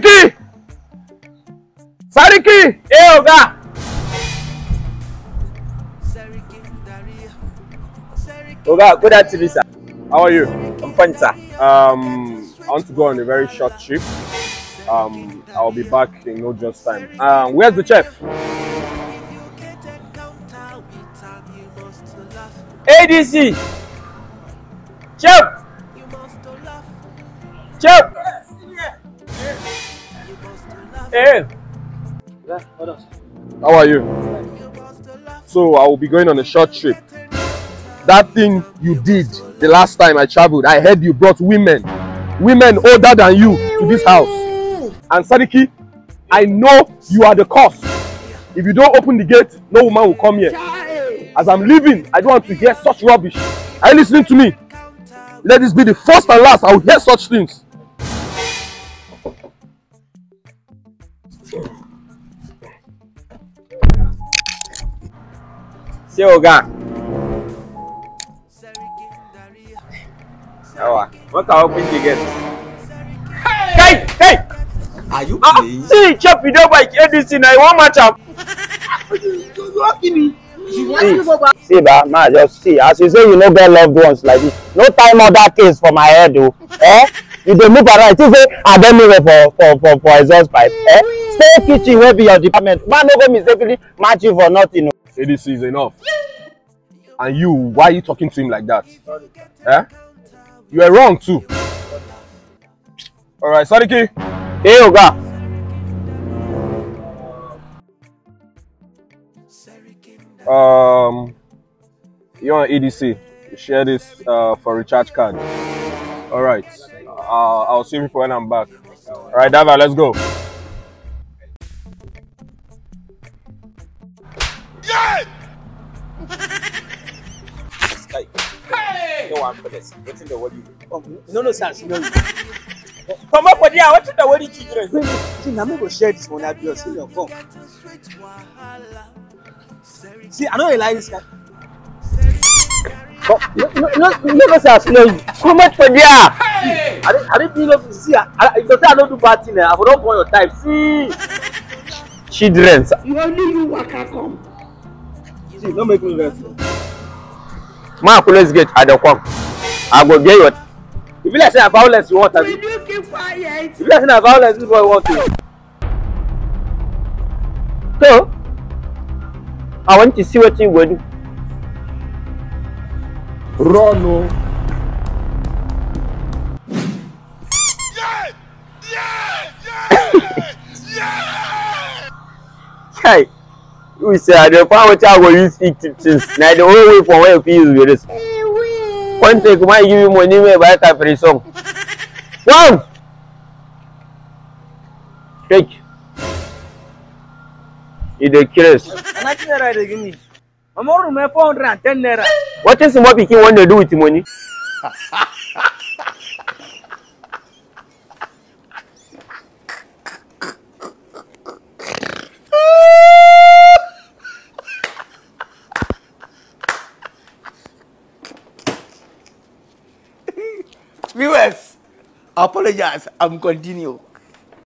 Sariki, Sarki! Eh, Oga! Oga, good afternoon, sir. How are you? I'm fine, sir. Um, I want to go on a very short trip. Um, I'll be back in no just time. Um, where's the chef? ADC! Chef! Chef! Hey. How are you? So I will be going on a short trip. That thing you did the last time I traveled, I heard you brought women, women older than you to this house. And Sadiki, I know you are the cause. If you don't open the gate, no woman will come here. As I'm leaving, I don't want to hear such rubbish. Are you listening to me? Let this be the first and last I will hear such things. ṣé ọ̀gá ẹwà wọ́n kà ọ́ pín jìgẹ̀. Hey! Hey! Are you ah, playing? see, chop video by editing. I want match up. See, see ba, ma just see. As you say, you no get loved ones like this. No time that case for my head, o. Eh? you dey move around you think say i don move for for for for exhaust pipe eh stay kitchen wey be your department man no go mistakenly match you for nothing o. adc is enough and you why you talking to him like that eh you were wrong too All alright sadiki. hey oga. um, you on EDC. Share this uh, for recharge card. All right. I'll, I'll see you people when I'm back. All right, Dava, let's go. Yeah! hey! No, I'm What's in the world? Oh, no, no, sir. No. Come up with ya. What's in the world? you See, I'm going to share this one. I'll be See, I don't like this guy. Oh, no, no, no, no, sir. No. Come up with ya. Hey! I didn't, I didn't you know, see, I, I, don't say I don't do bad thing, eh? I not go on your time. See, children. You only you waka come. See, don't make me vex. Ma, police gate, I don't come. I go get your. If you like say violence, you want to. Will you keep quiet? If you like say violence, this boy want to. So, I want to see what you will do. Run, no. Oh. guy we say i dey find wetin i go use eat things na the only way for where you fit use be this one take man give you money make you buy capri sun one take e dey craze. Anaki naira dey give me. Mama room four hundred and ten naira. Wetin small pikin wan dey do with money? viewers, apologize. I'm continue.